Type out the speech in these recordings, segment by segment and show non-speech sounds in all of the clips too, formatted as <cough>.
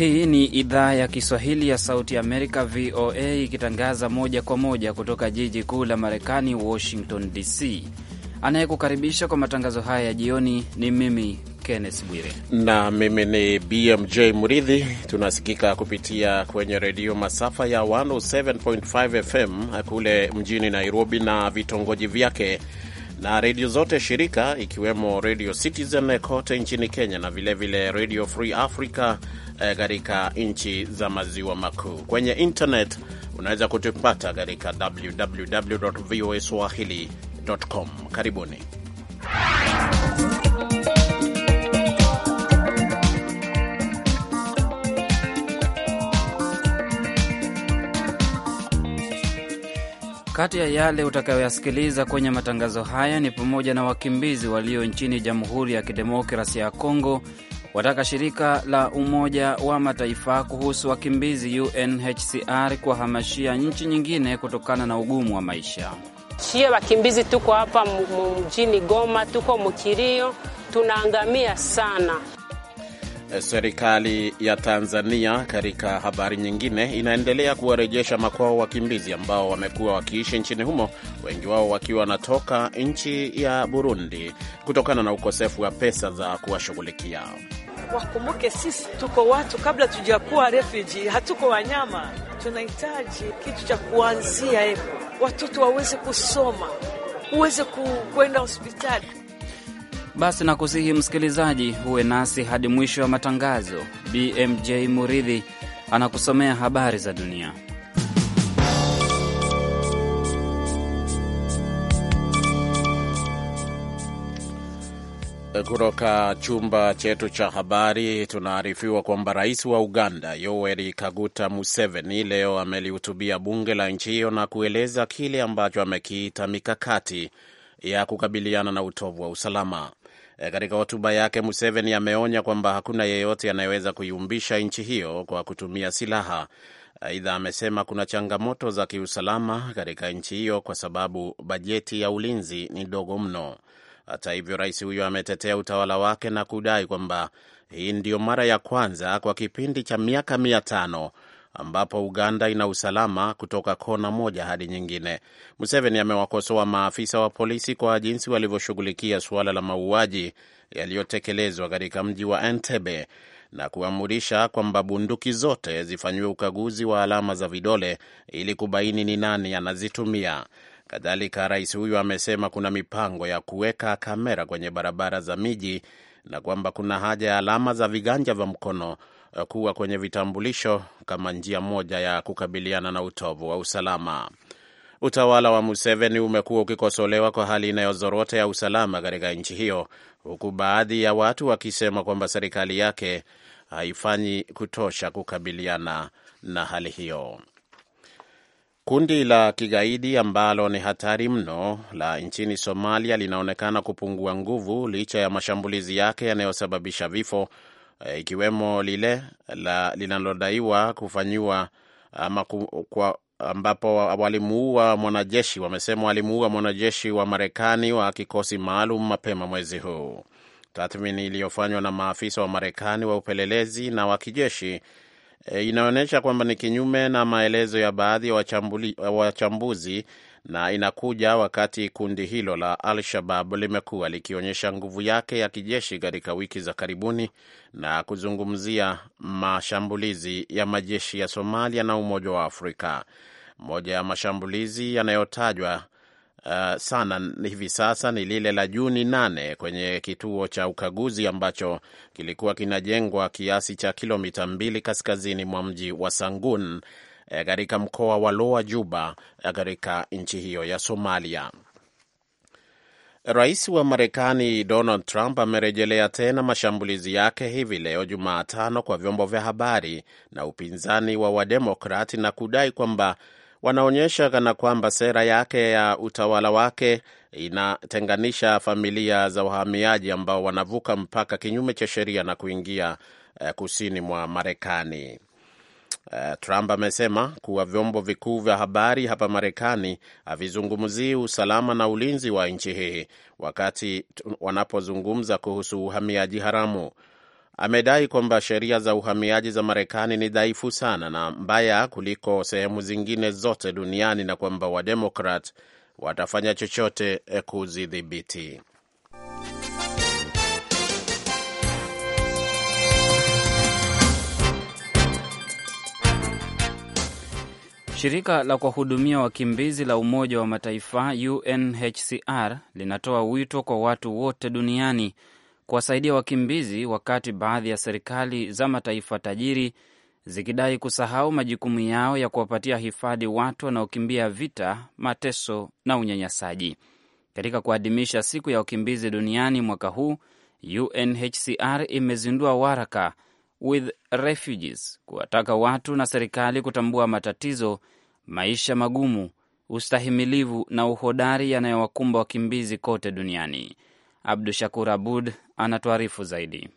Hii ni idhaa ya Kiswahili ya Sauti Amerika, VOA, ikitangaza moja kwa moja kutoka jiji kuu la Marekani, Washington DC. Anayekukaribisha kwa matangazo haya ya jioni ni mimi Kenneth Bwire na mimi ni BMJ Muridhi. Tunasikika kupitia kwenye redio masafa ya 107.5 FM kule mjini Nairobi na vitongoji vyake na redio zote shirika ikiwemo Radio Citizen kote nchini Kenya na vilevile vile Radio Free Africa eh, katika e, nchi za maziwa makuu. Kwenye internet unaweza kutupata katika www voa swahili com. Karibuni. Kati ya yale utakayoyasikiliza kwenye matangazo haya ni pamoja na wakimbizi walio nchini Jamhuri ya Kidemokrasia ya Kongo wataka shirika la Umoja wa Mataifa kuhusu wakimbizi UNHCR kuwahamashia nchi nyingine kutokana na ugumu wa maisha. Shie wakimbizi tuko hapa mjini Goma, tuko mukirio, tunaangamia sana. Serikali ya Tanzania, katika habari nyingine, inaendelea kuwarejesha makwao wakimbizi ambao wamekuwa wakiishi nchini humo, wengi wao wakiwa wanatoka nchi ya Burundi kutokana na ukosefu wa pesa za kuwashughulikia. Wakumbuke sisi tuko watu, kabla tujakuwa refuji, hatuko wanyama. Tunahitaji kitu cha kuanzia hepo, watoto waweze kusoma, uweze kuenda hospitali. Basi nakusihi msikilizaji, huwe nasi hadi mwisho wa matangazo. BMJ Muridhi anakusomea habari za dunia. Kutoka chumba chetu cha habari tunaarifiwa kwamba rais wa Uganda Yoweri Kaguta Museveni leo amelihutubia bunge la nchi hiyo na kueleza kile ambacho amekiita mikakati ya kukabiliana na utovu wa usalama. E, katika hotuba yake, Museveni ameonya kwamba hakuna yeyote anayeweza kuiumbisha nchi hiyo kwa kutumia silaha. Aidha, amesema kuna changamoto za kiusalama katika nchi hiyo kwa sababu bajeti ya ulinzi ni dogo mno. Hata hivyo, rais huyo ametetea utawala wake na kudai kwamba hii ndiyo mara ya kwanza kwa kipindi cha miaka mia tano ambapo Uganda ina usalama kutoka kona moja hadi nyingine. Museveni amewakosoa maafisa wa polisi kwa jinsi walivyoshughulikia suala la mauaji yaliyotekelezwa katika mji wa Entebbe na kuamurisha kwamba bunduki zote zifanyiwe ukaguzi wa alama za vidole ili kubaini ni nani anazitumia. Kadhalika, rais huyu amesema kuna mipango ya kuweka kamera kwenye barabara za miji na kwamba kuna haja ya alama za viganja vya mkono Eh, kuwa kwenye vitambulisho kama njia moja ya kukabiliana na utovu wa usalama. Utawala wa Museveni umekuwa ukikosolewa kwa hali inayozorota ya usalama katika nchi hiyo, huku baadhi ya watu wakisema kwamba serikali yake haifanyi kutosha kukabiliana na hali hiyo. Kundi la kigaidi ambalo ni hatari mno la nchini Somalia linaonekana kupungua nguvu licha ya mashambulizi yake yanayosababisha vifo e, ikiwemo lile la linalodaiwa kufanyiwa ama ku, kwa ambapo walimuua mwanajeshi wamesema walimuua mwanajeshi wa Marekani wa kikosi maalum mapema mwezi huu. Tathmini iliyofanywa na maafisa wa Marekani wa upelelezi na wa kijeshi e, inaonyesha kwamba ni kinyume na maelezo ya baadhi ya wachambuzi na inakuja wakati kundi hilo la Al-Shabab limekuwa likionyesha nguvu yake ya kijeshi katika wiki za karibuni na kuzungumzia mashambulizi ya majeshi ya Somalia na Umoja wa Afrika. Moja ya mashambulizi yanayotajwa uh, sana hivi sasa ni lile la Juni nane kwenye kituo cha ukaguzi ambacho kilikuwa kinajengwa kiasi cha kilomita mbili kaskazini mwa mji wa Sangun E, katika mkoa wa Loa Juba e, katika nchi hiyo ya Somalia. Rais wa Marekani Donald Trump amerejelea tena mashambulizi yake hivi leo Jumatano kwa vyombo vya habari na upinzani wa Wademokrati na kudai kwamba wanaonyesha kana kwamba sera yake ya utawala wake inatenganisha familia za wahamiaji ambao wanavuka mpaka kinyume cha sheria na kuingia e, kusini mwa Marekani. Eh, Trump amesema kuwa vyombo vikuu vya habari hapa Marekani havizungumzii usalama na ulinzi wa nchi hii wakati wanapozungumza kuhusu uhamiaji haramu. Amedai kwamba sheria za uhamiaji za Marekani ni dhaifu sana na mbaya kuliko sehemu zingine zote duniani na kwamba Wademokrat watafanya chochote eh, kuzidhibiti. Shirika la kuwahudumia wakimbizi la Umoja wa Mataifa UNHCR linatoa wito kwa watu wote duniani kuwasaidia wakimbizi, wakati baadhi ya serikali za mataifa tajiri zikidai kusahau majukumu yao ya kuwapatia hifadhi watu wanaokimbia vita, mateso na unyanyasaji. Katika kuadhimisha siku ya wakimbizi duniani mwaka huu, UNHCR imezindua waraka with Refugees, kuwataka watu na serikali kutambua matatizo, maisha magumu, ustahimilivu na uhodari yanayowakumba wakimbizi kote duniani. Abdu Shakur Abud anatuarifu zaidi.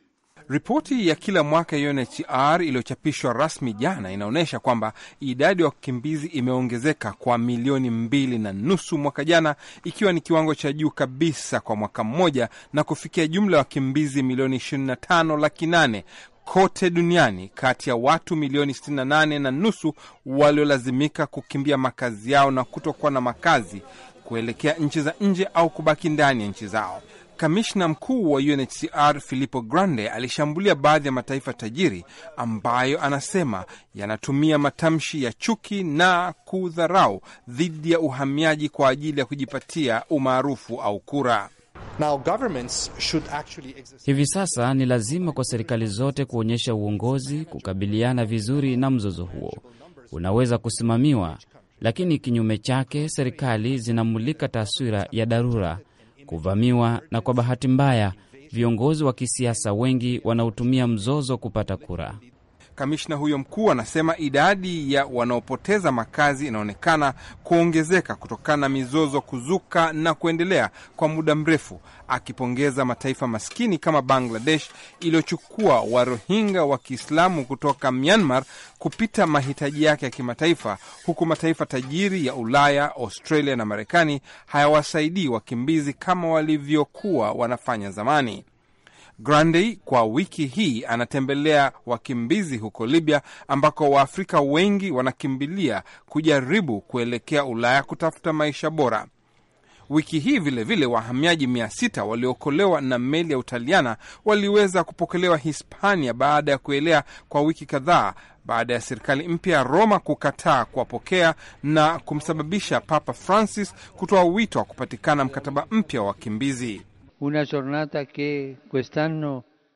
Ripoti ya kila mwaka ya UNHCR iliyochapishwa rasmi jana inaonyesha kwamba idadi ya wakimbizi imeongezeka kwa milioni mbili na nusu mwaka jana, ikiwa ni kiwango cha juu kabisa kwa mwaka mmoja, na kufikia jumla ya wakimbizi milioni 25 laki nane kote duniani kati ya watu milioni 68 na nusu waliolazimika kukimbia makazi yao na kutokuwa na makazi kuelekea nchi za nje au kubaki ndani ya nchi zao. Kamishna mkuu wa UNHCR Filippo Grande alishambulia baadhi ya mataifa tajiri ambayo anasema yanatumia matamshi ya chuki na kudharau dhidi ya uhamiaji kwa ajili ya kujipatia umaarufu au kura. Hivi sasa ni lazima kwa serikali zote kuonyesha uongozi kukabiliana vizuri na mzozo huo. Unaweza kusimamiwa, lakini kinyume chake, serikali zinamulika taswira ya dharura, kuvamiwa, na kwa bahati mbaya viongozi wa kisiasa wengi wanaotumia mzozo kupata kura. Kamishna huyo mkuu anasema idadi ya wanaopoteza makazi inaonekana kuongezeka kutokana na mizozo kuzuka na kuendelea kwa muda mrefu, akipongeza mataifa maskini kama Bangladesh iliyochukua Warohinga wa Kiislamu kutoka Myanmar kupita mahitaji yake ya kimataifa, huku mataifa tajiri ya Ulaya, Australia na Marekani hayawasaidii wakimbizi kama walivyokuwa wanafanya zamani. Grandi kwa wiki hii anatembelea wakimbizi huko Libya, ambako Waafrika wengi wanakimbilia kujaribu kuelekea Ulaya kutafuta maisha bora. Wiki hii vilevile wahamiaji mia sita waliokolewa na meli ya Utaliana waliweza kupokelewa Hispania baada ya kuelea kwa wiki kadhaa baada ya serikali mpya ya Roma kukataa kuwapokea na kumsababisha Papa Francis kutoa wito wa kupatikana mkataba mpya wa wakimbizi.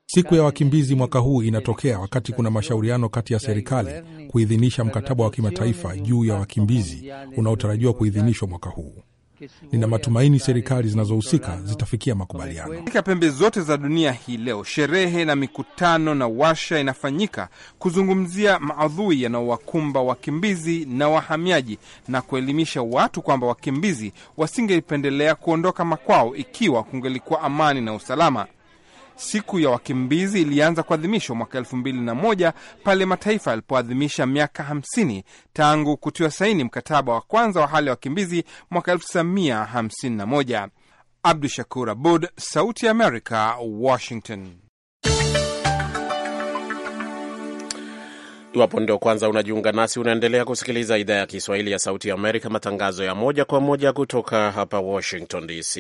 Siku ya wakimbizi mwaka huu inatokea wakati kuna mashauriano kati ya serikali yaani, kuidhinisha mkataba wa kimataifa juu ya wakimbizi unaotarajiwa kuidhinishwa mwaka huu. Nina matumaini serikali zinazohusika zitafikia makubaliano. Katika pembe zote za dunia hii leo, sherehe na mikutano na washa inafanyika kuzungumzia maadhui yanaowakumba wakimbizi na wahamiaji na kuelimisha watu kwamba wakimbizi wasingependelea kuondoka makwao ikiwa kungelikuwa amani na usalama siku ya wakimbizi ilianza kuadhimishwa mwaka elfu mbili na moja pale mataifa yalipoadhimisha miaka 50 tangu kutiwa saini mkataba wa kwanza wa hali ya wakimbizi mwaka moja. Abdu Shakur Abud, Sauti ya America, Washington. Iwapo ndio kwanza unajiunga nasi, unaendelea kusikiliza idhaa ya Kiswahili ya Sauti ya Amerika, matangazo ya moja kwa moja kutoka hapa Washington DC.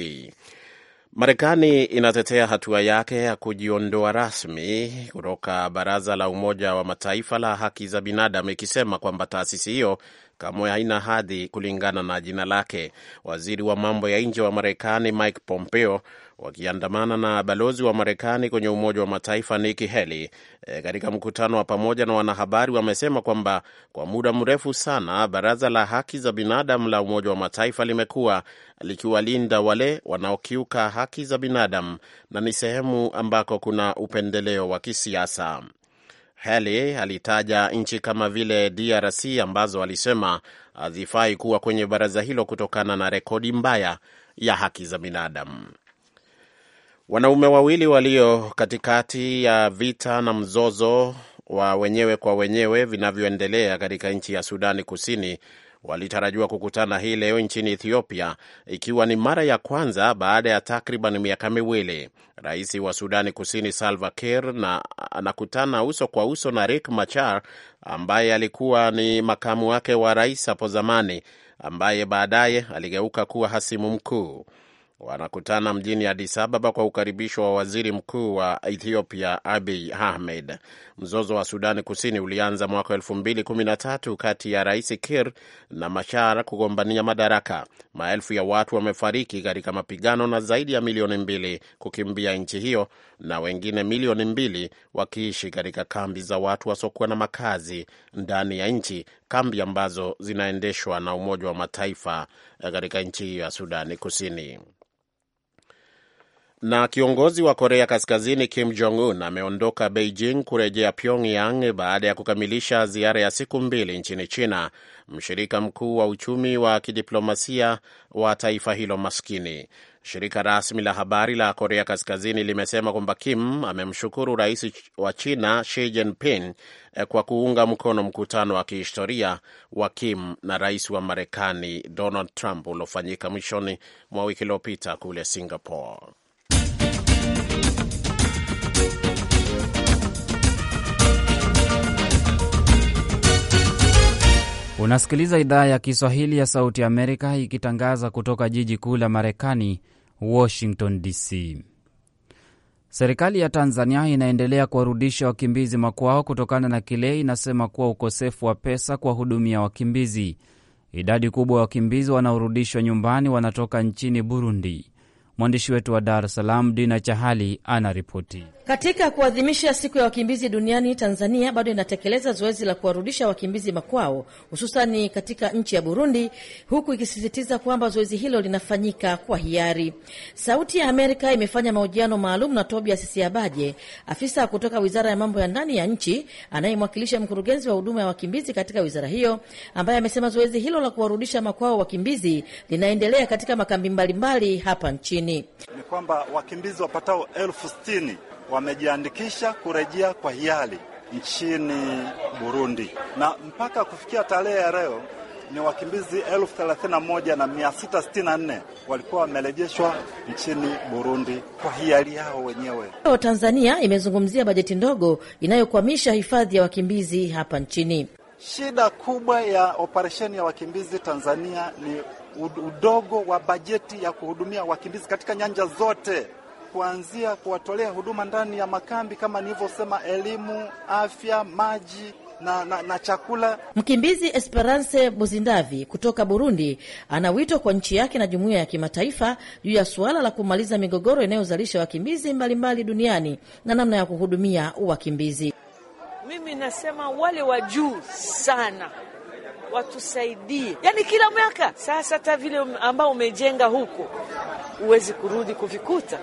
Marekani inatetea hatua yake ya kujiondoa rasmi kutoka Baraza la Umoja wa Mataifa la Haki za Binadamu, ikisema kwamba taasisi hiyo kamwe haina hadhi kulingana na jina lake. Waziri wa mambo ya nje wa Marekani Mike Pompeo wakiandamana na balozi wa Marekani kwenye Umoja wa Mataifa Nikki Haley. E, katika mkutano wa pamoja na wanahabari wamesema kwamba kwa muda mrefu sana Baraza la Haki za Binadamu la Umoja wa Mataifa limekuwa likiwalinda wale wanaokiuka haki za binadamu na ni sehemu ambako kuna upendeleo wa kisiasa. Haley alitaja nchi kama vile DRC ambazo alisema hazifai kuwa kwenye baraza hilo kutokana na rekodi mbaya ya haki za binadamu. Wanaume wawili walio katikati ya vita na mzozo wa wenyewe kwa wenyewe vinavyoendelea katika nchi ya Sudani Kusini walitarajiwa kukutana hii leo nchini Ethiopia, ikiwa ni mara ya kwanza baada ya takriban miaka miwili. Rais wa Sudani Kusini Salva Kiir na anakutana uso kwa uso na Riek Machar ambaye alikuwa ni makamu wake wa rais hapo zamani, ambaye baadaye aligeuka kuwa hasimu mkuu wanakutana mjini Addis Ababa kwa ukaribisho wa waziri mkuu wa Ethiopia Abiy Ahmed. Mzozo wa Sudani Kusini ulianza mwaka 2013 kati ya Rais Kir na Mashar kugombania madaraka. Maelfu ya watu wamefariki katika mapigano na zaidi ya milioni mbili kukimbia nchi hiyo na wengine milioni mbili wakiishi katika kambi za watu wasiokuwa na makazi ndani ya nchi, kambi ambazo zinaendeshwa na Umoja wa Mataifa katika nchi hiyo ya Sudani Kusini. Na kiongozi wa Korea Kaskazini Kim Jong Un ameondoka Beijing kurejea Pyongyang baada ya kukamilisha ziara ya siku mbili nchini China, mshirika mkuu wa uchumi wa kidiplomasia wa taifa hilo maskini. Shirika rasmi la habari la Korea Kaskazini limesema kwamba Kim amemshukuru rais wa China Xi Jinping eh, kwa kuunga mkono mkutano wa kihistoria wa Kim na rais wa Marekani Donald Trump uliofanyika mwishoni mwa wiki iliyopita kule Singapore. Unasikiliza idhaa ya Kiswahili ya Sauti Amerika ikitangaza kutoka jiji kuu la Marekani, Washington DC. Serikali ya Tanzania inaendelea kuwarudisha wakimbizi makwao kutokana na kile inasema kuwa ukosefu wa pesa kuwahudumia wakimbizi. Idadi kubwa ya wakimbizi wanaorudishwa nyumbani wanatoka nchini Burundi. Mwandishi wetu wa Dar es Salaam, Dina Chahali, anaripoti. Katika kuadhimisha siku ya wakimbizi duniani, Tanzania bado inatekeleza zoezi la kuwarudisha wakimbizi makwao, hususani katika nchi ya Burundi, huku ikisisitiza kwamba zoezi hilo linafanyika kwa hiari. Sauti ya Amerika imefanya mahojiano maalum na Tobias Siabaje, afisa kutoka Wizara ya Mambo ya Ndani ya Nchi anayemwakilisha mkurugenzi wa huduma ya wakimbizi katika wizara hiyo, ambaye amesema zoezi hilo la kuwarudisha makwao wakimbizi linaendelea katika makambi mbalimbali hapa nchini. Ni kwamba wakimbizi wapatao elfu sitini wamejiandikisha kurejea kwa hiali nchini Burundi, na mpaka kufikia tarehe ya leo ni wakimbizi elfu thelathini na moja na mia sita sitini na nne walikuwa wamerejeshwa nchini Burundi kwa hiari yao wenyewe. Tanzania imezungumzia bajeti ndogo inayokwamisha hifadhi ya wakimbizi hapa nchini. Shida kubwa ya operesheni ya wakimbizi Tanzania ni udogo wa bajeti ya kuhudumia wakimbizi katika nyanja zote kuanzia kuwatolea huduma ndani ya makambi kama nilivyosema, elimu, afya, maji na, na, na chakula. Mkimbizi Esperance Buzindavi kutoka Burundi ana wito kwa nchi yake na jumuiya ya kimataifa juu ya suala la kumaliza migogoro inayozalisha wakimbizi mbalimbali duniani na namna ya kuhudumia wakimbizi. Mimi nasema wale wa juu sana watusaidie, yaani kila mwaka sasa, hata vile um, ambao umejenga huko huwezi kurudi kuvikuta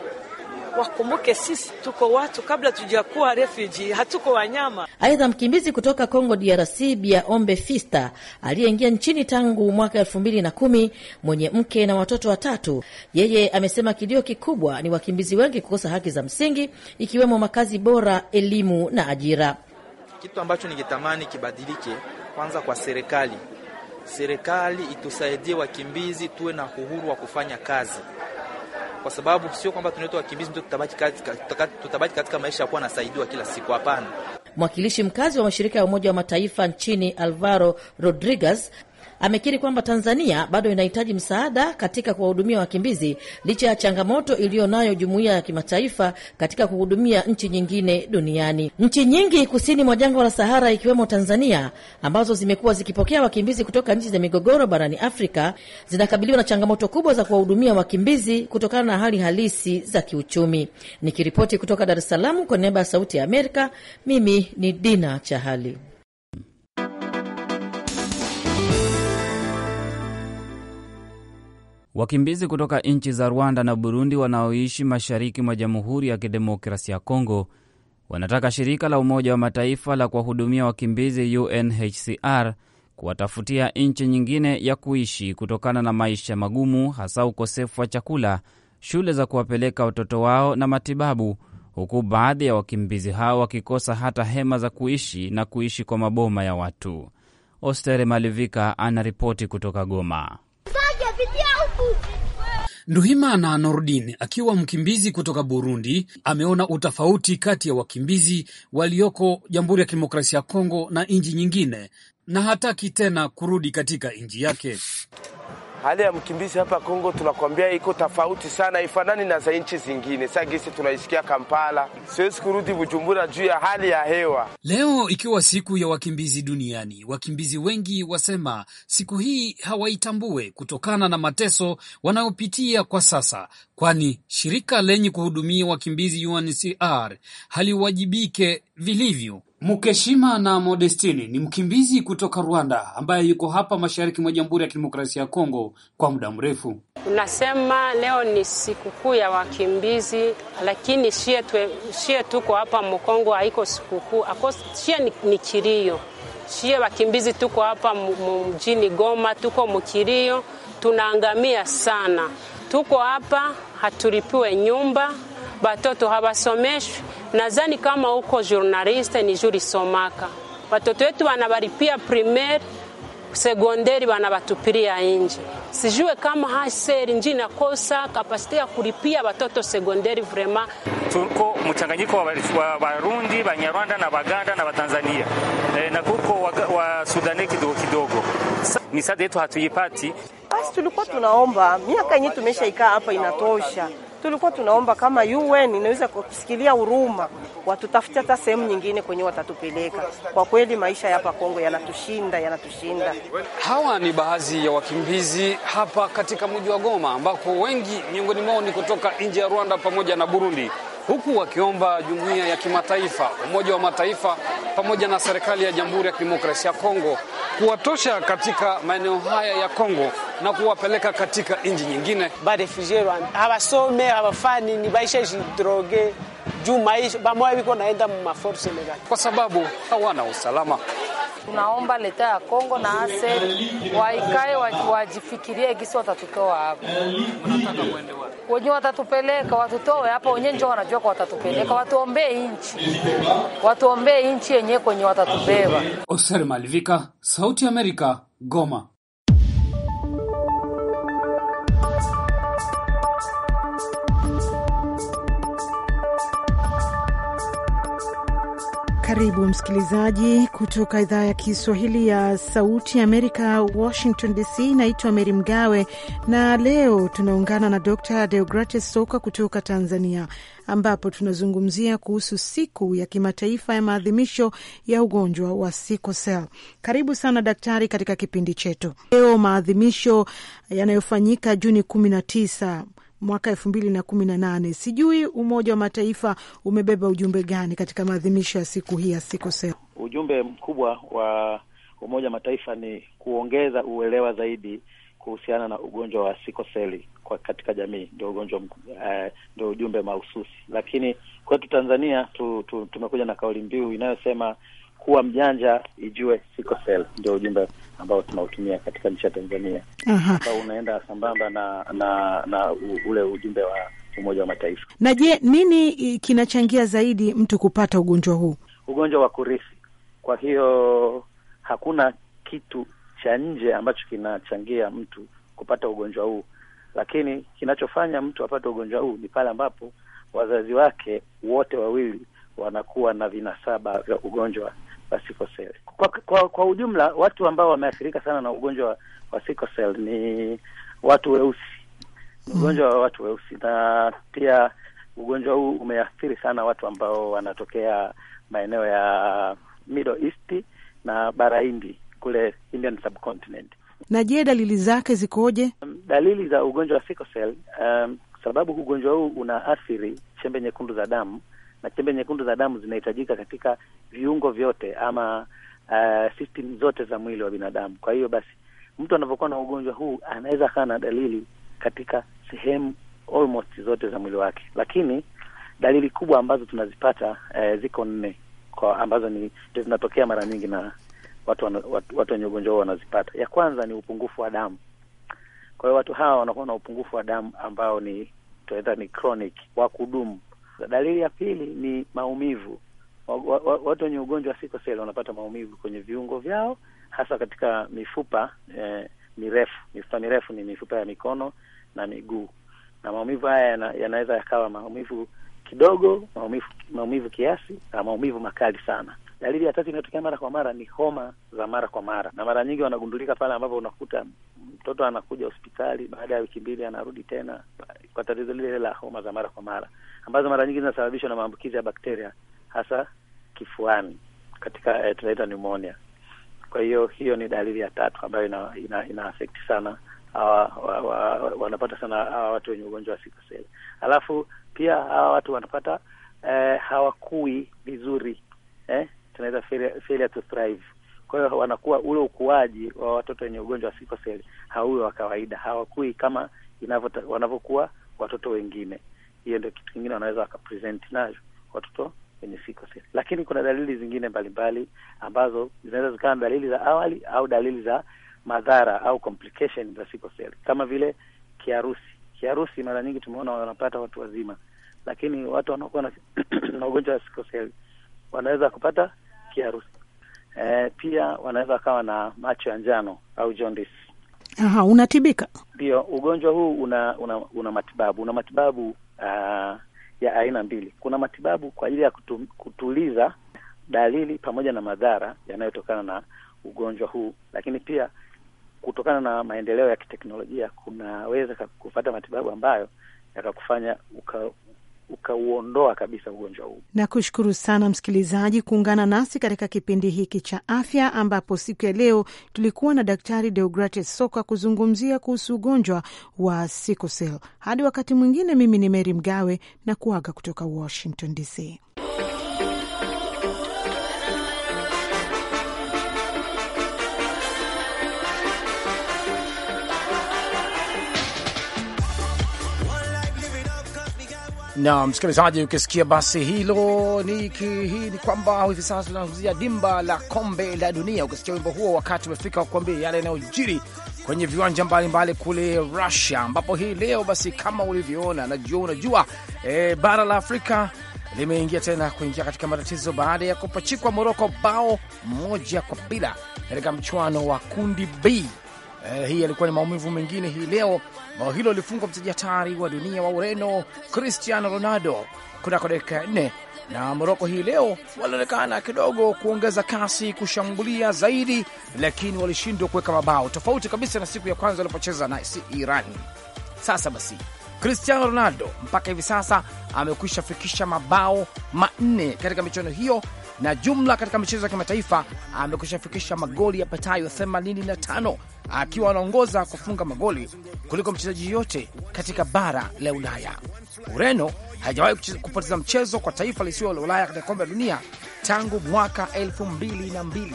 wakumbuke sisi tuko watu kabla tujakuwa refugee, hatuko wanyama. Aidha, mkimbizi kutoka Congo DRC Bia Ombe Fista aliyeingia nchini tangu mwaka elfu mbili na kumi mwenye mke na watoto watatu, yeye amesema kilio kikubwa ni wakimbizi wengi kukosa haki za msingi ikiwemo makazi bora, elimu na ajira. Kitu ambacho ningetamani kibadilike kwanza kwa serikali, serikali itusaidie wakimbizi tuwe na uhuru wa kufanya kazi kwa sababu sio kwamba tunaitwa wakimbizi ndio tutabaki katika, tutabaki katika maisha ya kuwa nasaidiwa kila siku. Hapana. Mwakilishi mkazi wa mashirika ya Umoja wa Mataifa nchini Alvaro Rodriguez amekiri kwamba Tanzania bado inahitaji msaada katika kuwahudumia wakimbizi licha ya changamoto iliyo nayo jumuiya ya kimataifa katika kuhudumia nchi nyingine duniani. Nchi nyingi kusini mwa jangwa la Sahara ikiwemo Tanzania ambazo zimekuwa zikipokea wakimbizi kutoka nchi za migogoro barani Afrika zinakabiliwa na changamoto kubwa za kuwahudumia wakimbizi kutokana na hali halisi za kiuchumi. Nikiripoti kutoka Dar es Salaam kwa niaba ya Sauti ya Amerika, mimi ni Dina Chahali. Wakimbizi kutoka nchi za Rwanda na Burundi wanaoishi mashariki mwa Jamhuri ya Kidemokrasia ya Kongo wanataka shirika la Umoja wa Mataifa la kuwahudumia wakimbizi UNHCR kuwatafutia nchi nyingine ya kuishi kutokana na maisha magumu, hasa ukosefu wa chakula, shule za kuwapeleka watoto wao na matibabu, huku baadhi ya wakimbizi hao wakikosa hata hema za kuishi na kuishi kwa maboma ya watu. Ostere Malivika anaripoti kutoka Goma. Nduhimana Nordin akiwa mkimbizi kutoka Burundi ameona utofauti kati ya wakimbizi walioko Jamhuri ya Kidemokrasia ya Kongo na nchi nyingine na hataki tena kurudi katika nchi yake hali ya mkimbizi hapa Kongo tunakwambia iko tofauti sana, ifanani na za nchi zingine. Sasa gisi tunaisikia Kampala, siwezi kurudi Bujumbura juu ya hali ya hewa. Leo ikiwa siku ya wakimbizi duniani, wakimbizi wengi wasema siku hii hawaitambue kutokana na mateso wanayopitia kwa sasa, kwani shirika lenye kuhudumia wakimbizi UNHCR haliwajibike vilivyo Mukeshima na Modestini ni mkimbizi kutoka Rwanda ambaye yuko hapa mashariki mwa Jamhuri ya Kidemokrasia ya Kongo kwa muda mrefu. unasema leo ni sikukuu ya wakimbizi, lakini shie tuko hapa Mkongo haiko sikukuu, shie ni, ni kirio. Shie wakimbizi tuko hapa mjini Goma, tuko mukirio tunaangamia sana. Tuko hapa hatulipiwe nyumba batoto habasomeshwe. Nazani kama uko journaliste ni juri somaka watoto wetu wanabaripia primaire sekonderi wanabatupiria nje. Sijue kama haseri nji nakosa kapasite ya kulipia watoto sekonderi. vraiment. tuko mchanganyiko wa Warundi, Banyarwanda na Baganda na Watanzania e, eh, na kuko wa, wa kidogo kidogo. Misaada yetu hatuipati. Basi tulikuwa tunaomba miaka yenyewe tumeshaikaa hapa inatosha tulikuwa tunaomba kama UN inaweza kusikilia huruma watutafuta hata sehemu nyingine kwenye watatupeleka. Kwa kweli maisha ya hapa Kongo yanatushinda, yanatushinda. Hawa ni baadhi ya wakimbizi hapa katika mji wa Goma, ambako wengi miongoni mwao ni kutoka nje ya Rwanda pamoja na Burundi, huku wakiomba jumuiya ya kimataifa, Umoja wa Mataifa pamoja na serikali ya Jamhuri ya Kidemokrasia ya Kongo kuwatosha katika maeneo haya ya Kongo na kuwapeleka katika nchi nyingine. Barefugee hawasome hawafani ni baisha jidroge juu maisha bamoya viko naenda mumafor legal kwa sababu hawana usalama. Tunaomba leta ya Kongo na ase waikae wajifikirie gisi watatutoa hapo, wenye watatupeleka watutoe hapa, wenye njo wanajua kwa watatupeleka, watuombee nchi, watuombee nchi yenye kwenye watatubeba. Oser Malivika, Sauti ya Amerika, Goma. Karibu msikilizaji kutoka idhaa ya Kiswahili ya Sauti ya Amerika, Washington DC. Naitwa Meri Mgawe na leo tunaungana na Dr deograte Soka kutoka Tanzania, ambapo tunazungumzia kuhusu siku ya kimataifa ya maadhimisho ya ugonjwa wa sikosel. Karibu sana daktari katika kipindi chetu leo. Maadhimisho yanayofanyika Juni kumi na tisa mwaka elfu mbili na kumi na nane. Sijui Umoja wa Mataifa umebeba ujumbe gani katika maadhimisho ya siku hii ya sikoseli? Ujumbe mkubwa wa Umoja wa Mataifa ni kuongeza uelewa zaidi kuhusiana na ugonjwa wa sikoseli kwa katika jamii, ndio ugonjwa uh, ndio ujumbe mahususi. Lakini kwetu Tanzania tu, tu, tumekuja na kauli mbiu inayosema kuwa mjanja, ijue siko sel. Ndio ujumbe ambao tunautumia katika nchi ya Tanzania ambao unaenda sambamba na na na ule ujumbe wa Umoja wa Mataifa. Na je, nini kinachangia zaidi mtu kupata ugonjwa huu? Ugonjwa wa kurithi. Kwa hiyo hakuna kitu cha nje ambacho kinachangia mtu kupata ugonjwa huu, lakini kinachofanya mtu apate ugonjwa huu ni pale ambapo wazazi wake wote wawili wanakuwa na vinasaba vya ugonjwa wasikosewe. Kwa, kwa, kwa ujumla watu ambao wameathirika sana na ugonjwa wa sikoseli ni watu weusi, ni mm. ugonjwa wa watu weusi, na pia ugonjwa huu umeathiri sana watu ambao wanatokea maeneo ya Middle East na bara Hindi kule Indian subcontinent. Na je, dalili zake zikoje? Um, dalili za ugonjwa wa sikoseli, um, sababu ugonjwa huu unaathiri chembe nyekundu za damu na chembe nyekundu za damu zinahitajika katika viungo vyote ama uh, system zote za mwili wa binadamu. Kwa hiyo basi mtu anavyokuwa na ugonjwa huu anaweza akawa na dalili katika sehemu almost zote za mwili wake, lakini dalili kubwa ambazo tunazipata uh, ziko nne kwa ambazo ni zinatokea mara nyingi na watu wenye watu, watu ugonjwa huo wanazipata. Ya kwanza ni upungufu wa damu. Kwa hiyo watu hawa wanakuwa na upungufu wa damu ambao ni tunaweza ni chronic wa kudumu Dalili ya pili ni maumivu. Watu wenye ugonjwa wa siko wanapata maumivu kwenye viungo vyao, hasa katika mifupa eh, mirefu. Mifupa mirefu ni mifupa ya mikono na miguu, na maumivu haya yanaweza yakawa maumivu kidogo, maumivu, maumivu kiasi na maumivu makali sana. Dalili ya tatu inayotokea mara kwa mara ni homa za mara kwa mara, na mara nyingi wanagundulika pale ambapo unakuta mtoto anakuja hospitali, baada ya wiki mbili anarudi tena kwa tatizo lile la homa za mara kwa mara, ambazo mara nyingi zinasababishwa na maambukizi ya bakteria, hasa kifuani, katika eh, tunaita pneumonia. Kwa hiyo hiyo ni dalili ya tatu ambayo ina, ina, ina affect sana hawa wa, wa, wanapata sana hawa watu wenye ugonjwa wa sikoseli. Alafu pia hawa watu wanapata eh, hawakui vizuri eh? tunaita failure to thrive. Kwa hiyo wanakuwa ule ukuaji wa watoto wenye ugonjwa wa sikoseli hauwe wa kawaida, hawakui kama wanavyokuwa watoto wengine. Hiyo ndio kitu kingine wanaweza wakapresent nayo watoto wenye sikoseli, lakini kuna dalili zingine mbalimbali ambazo zinaweza zikawa dalili za awali au dalili za madhara au complication za sikoseli kama vile kiharusi. Kiharusi mara nyingi tumeona wanapata watu wazima, lakini watu wanaokuwa na <clears throat> ugonjwa wa sikoseli wanaweza kupata kiharusi. E, eh, pia wanaweza wakawa na macho ya njano au jaundice. Aha, unatibika? Ndio, ugonjwa huu una una, una matibabu una matibabu uh, ya aina mbili. Kuna matibabu kwa ajili ya kutu, kutuliza dalili pamoja na madhara yanayotokana na ugonjwa huu, lakini pia kutokana na maendeleo ya kiteknolojia kunaweza kufata matibabu ambayo yakakufanya ukauondoa kabisa ugonjwa huu. Nakushukuru sana msikilizaji kuungana nasi katika kipindi hiki cha afya, ambapo siku ya leo tulikuwa na Daktari Deogrates Soka kuzungumzia kuhusu ugonjwa wa sickle cell. Hadi wakati mwingine, mimi ni Meri Mgawe na kuaga kutoka Washington DC. na msikilizaji, ukisikia basi hilo ni hii ni kwamba hivi sasa tunazungumzia dimba la kombe la dunia. Ukisikia wimbo huo, wakati umefika wa kuambia yale yanayojiri kwenye viwanja mbalimbali kule Russia, ambapo hii leo basi kama ulivyoona, najua unajua e, bara la Afrika limeingia tena kuingia katika matatizo baada ya kupachikwa Moroko bao moja kwa bila katika mchuano wa kundi B Eh, hii alikuwa ni maumivu mengine hii leo. Bao hilo lilifungwa mchezaji hatari wa dunia wa Ureno Cristiano Ronaldo kunako dakika ya nne, na Moroko hii leo walionekana kidogo kuongeza kasi, kushambulia zaidi, lakini walishindwa kuweka mabao, tofauti kabisa na siku ya kwanza walipocheza na si Iran. Sasa basi Cristiano Ronaldo mpaka hivi sasa amekwisha fikisha mabao manne katika michuano hiyo, na jumla katika michezo ya kimataifa amekwisha fikisha magoli yapatayo 85 akiwa anaongoza kufunga magoli kuliko mchezaji yoyote katika bara la Ulaya. Ureno haijawahi kupoteza mchezo kwa taifa lisiyo la Ulaya katika kombe la dunia tangu mwaka elfu mbili na mbili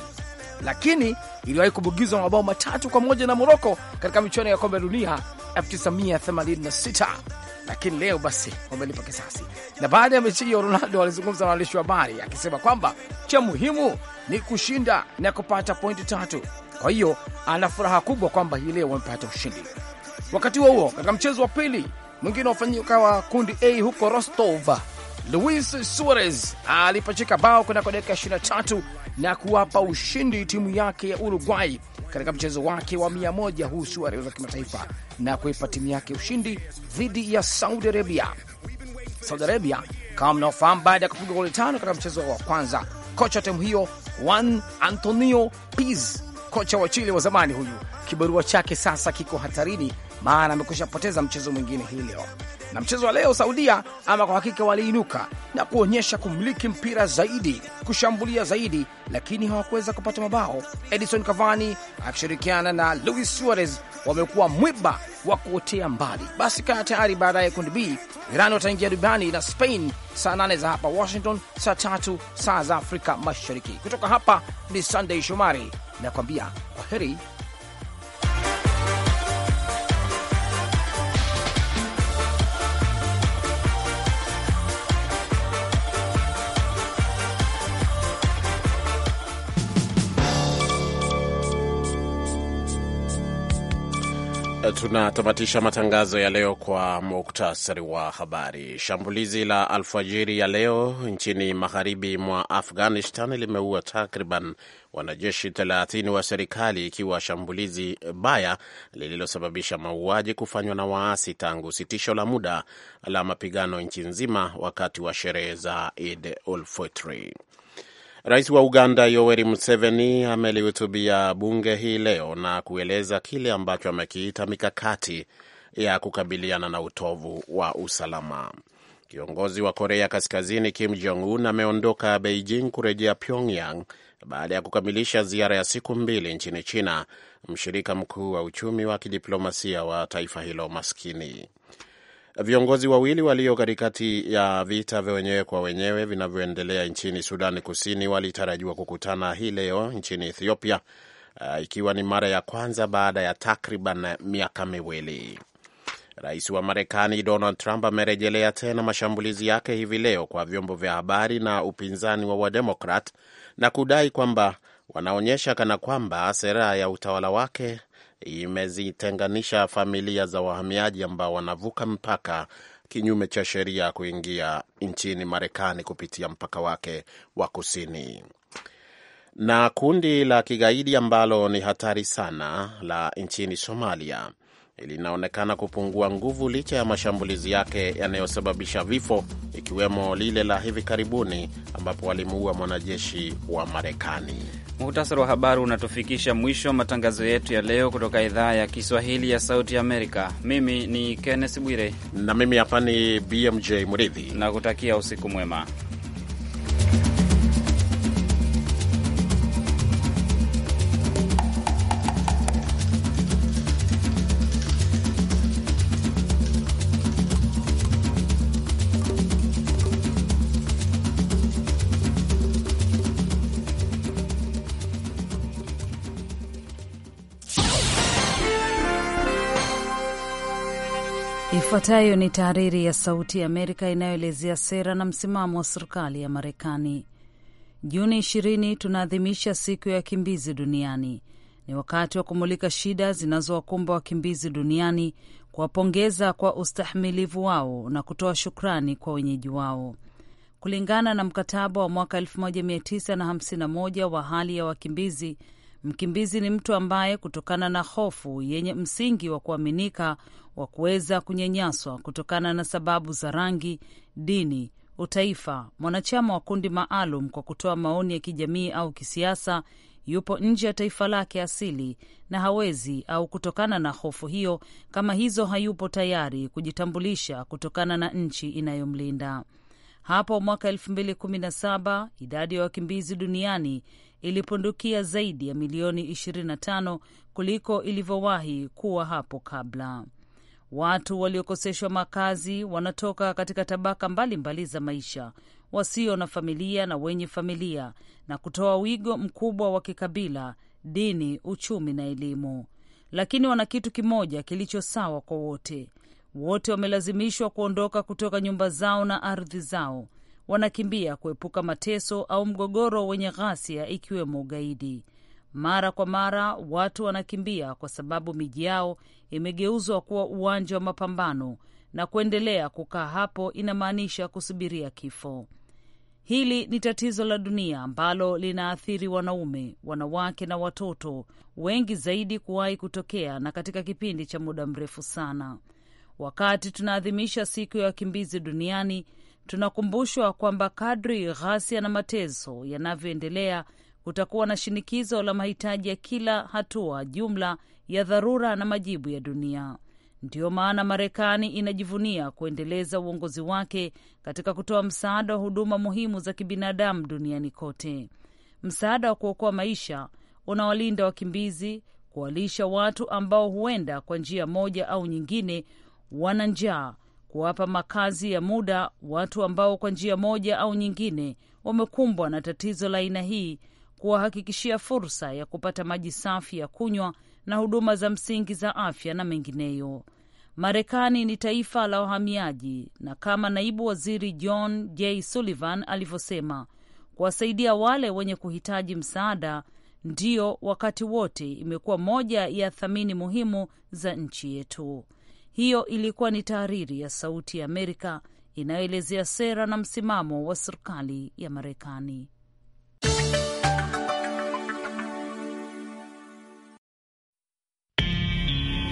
lakini iliwahi kubugizwa mabao matatu kwa moja na Moroko katika michuano ya kombe la dunia 1986 lakini leo basi wamelipa kisasi. Na baada ya mechi hiyo, Ronaldo alizungumza na waandishi wa habari akisema kwamba cha muhimu ni kushinda na kupata pointi tatu. Kwa hiyo ana furaha kubwa kwamba hii leo wamepata ushindi. Wakati huo huo, katika mchezo wa pili mwingine wafanyika wa kundi A huko Rostov, Luis Suarez alipachika bao kunako dakika 23 na kuwapa ushindi timu yake ya Uruguay katika mchezo wake wa mia moja huu Suarez kimataifa na kuipa timu yake ushindi dhidi ya Saudi Arabia. Saudi Arabia kama mnaofahamu, baada ya kupiga goli tano katika mchezo wa kwanza, kocha wa timu hiyo Juan Antonio Piz, kocha wa Chile wa zamani, huyu kibarua chake sasa kiko hatarini, maana amekwisha poteza mchezo mwingine hii leo na mchezo wa leo Saudia ama kwa hakika waliinuka na kuonyesha kumiliki mpira zaidi, kushambulia zaidi, lakini hawakuweza kupata mabao. Edison Cavani akishirikiana na Luis Suarez wamekuwa mwiba wa kuotea mbali. Basi kaa tayari, baadaye ya kundi B Iran wataingia dubani na Spain saa nane za hapa Washington, saa tatu saa za Afrika Mashariki. Kutoka hapa ni Sunday Shomari nakwambia heri Tunatamatisha matangazo ya leo kwa muktasari wa habari. Shambulizi la alfajiri ya leo nchini magharibi mwa Afghanistan limeua takriban wanajeshi 30 wa serikali, ikiwa shambulizi baya lililosababisha mauaji kufanywa na waasi tangu sitisho la muda la mapigano nchi nzima wakati wa sherehe za Eid ul Fitri. Rais wa Uganda Yoweri Museveni amelihutubia bunge hii leo na kueleza kile ambacho amekiita mikakati ya kukabiliana na utovu wa usalama. Kiongozi wa Korea Kaskazini Kim Jong Un ameondoka Beijing kurejea Pyongyang baada ya kukamilisha ziara ya siku mbili nchini China, mshirika mkuu wa uchumi wa kidiplomasia wa taifa hilo maskini. Viongozi wawili walio katikati ya vita vya wenyewe kwa wenyewe vinavyoendelea nchini Sudani Kusini walitarajiwa kukutana hii leo nchini Ethiopia, uh, ikiwa ni mara ya kwanza baada ya takriban miaka miwili. Rais wa Marekani Donald Trump amerejelea tena mashambulizi yake hivi leo kwa vyombo vya habari na upinzani wa Wademokrat na kudai kwamba wanaonyesha kana kwamba sera ya utawala wake imezitenganisha familia za wahamiaji ambao wanavuka mpaka kinyume cha sheria kuingia nchini Marekani kupitia mpaka wake wa kusini. Na kundi la kigaidi ambalo ni hatari sana la nchini Somalia linaonekana kupungua nguvu licha ya mashambulizi yake yanayosababisha vifo ikiwemo lile la hivi karibuni ambapo walimuua mwanajeshi wa Marekani. Muhtasari wa habari unatufikisha mwisho wa matangazo yetu ya leo kutoka idhaa ya Kiswahili ya Sauti Amerika. Mimi ni Kenneth Bwire na mimi hapa ni BMJ mridhi na kutakia usiku mwema. Ifuatayo ni tahariri ya Sauti ya Amerika inayoelezea sera na msimamo wa serikali ya Marekani. Juni 20 tunaadhimisha siku ya wakimbizi duniani. Ni wakati wa kumulika shida zinazowakumba wakimbizi duniani, kuwapongeza kwa ustahimilivu wao na kutoa shukrani kwa wenyeji wao. Kulingana na mkataba wa mwaka 1951 wa hali ya wakimbizi Mkimbizi ni mtu ambaye kutokana na hofu yenye msingi wa kuaminika wa kuweza kunyanyaswa kutokana na sababu za rangi, dini, utaifa, mwanachama wa kundi maalum kwa kutoa maoni ya kijamii au kisiasa, yupo nje ya taifa lake asili na hawezi au kutokana na hofu hiyo, kama hizo, hayupo tayari kujitambulisha kutokana na nchi inayomlinda. Hapo mwaka 2017 idadi ya wakimbizi duniani ilipundukia zaidi ya milioni 25 kuliko ilivyowahi kuwa hapo kabla. Watu waliokoseshwa makazi wanatoka katika tabaka mbalimbali mbali za maisha, wasio na familia na wenye familia, na kutoa wigo mkubwa wa kikabila, dini, uchumi na elimu. Lakini wana kitu kimoja kilicho sawa kwa wote. Wote wamelazimishwa kuondoka kutoka nyumba zao na ardhi zao wanakimbia kuepuka mateso au mgogoro wenye ghasia ikiwemo ugaidi. Mara kwa mara watu wanakimbia kwa sababu miji yao imegeuzwa kuwa uwanja wa mapambano, na kuendelea kukaa hapo inamaanisha kusubiria kifo. Hili ni tatizo la dunia ambalo linaathiri wanaume, wanawake na watoto wengi zaidi kuwahi kutokea na katika kipindi cha muda mrefu sana. Wakati tunaadhimisha siku ya wakimbizi duniani, Tunakumbushwa kwamba kadri ghasia na mateso yanavyoendelea, kutakuwa na shinikizo la mahitaji ya kila hatua jumla ya dharura na majibu ya dunia. Ndiyo maana Marekani inajivunia kuendeleza uongozi wake katika kutoa msaada wa huduma muhimu za kibinadamu duniani kote. Msaada wa kuokoa maisha unawalinda wakimbizi, kuwalisha watu ambao huenda kwa njia moja au nyingine wana njaa, kuwapa makazi ya muda watu ambao kwa njia moja au nyingine wamekumbwa na tatizo la aina hii, kuwahakikishia fursa ya kupata maji safi ya kunywa na huduma za msingi za afya na mengineyo. Marekani ni taifa la wahamiaji, na kama naibu waziri John J Sullivan alivyosema, kuwasaidia wale wenye kuhitaji msaada ndio wakati wote imekuwa moja ya thamini muhimu za nchi yetu. Hiyo ilikuwa ni tahariri ya Sauti ya Amerika inayoelezea sera na msimamo wa serikali ya Marekani.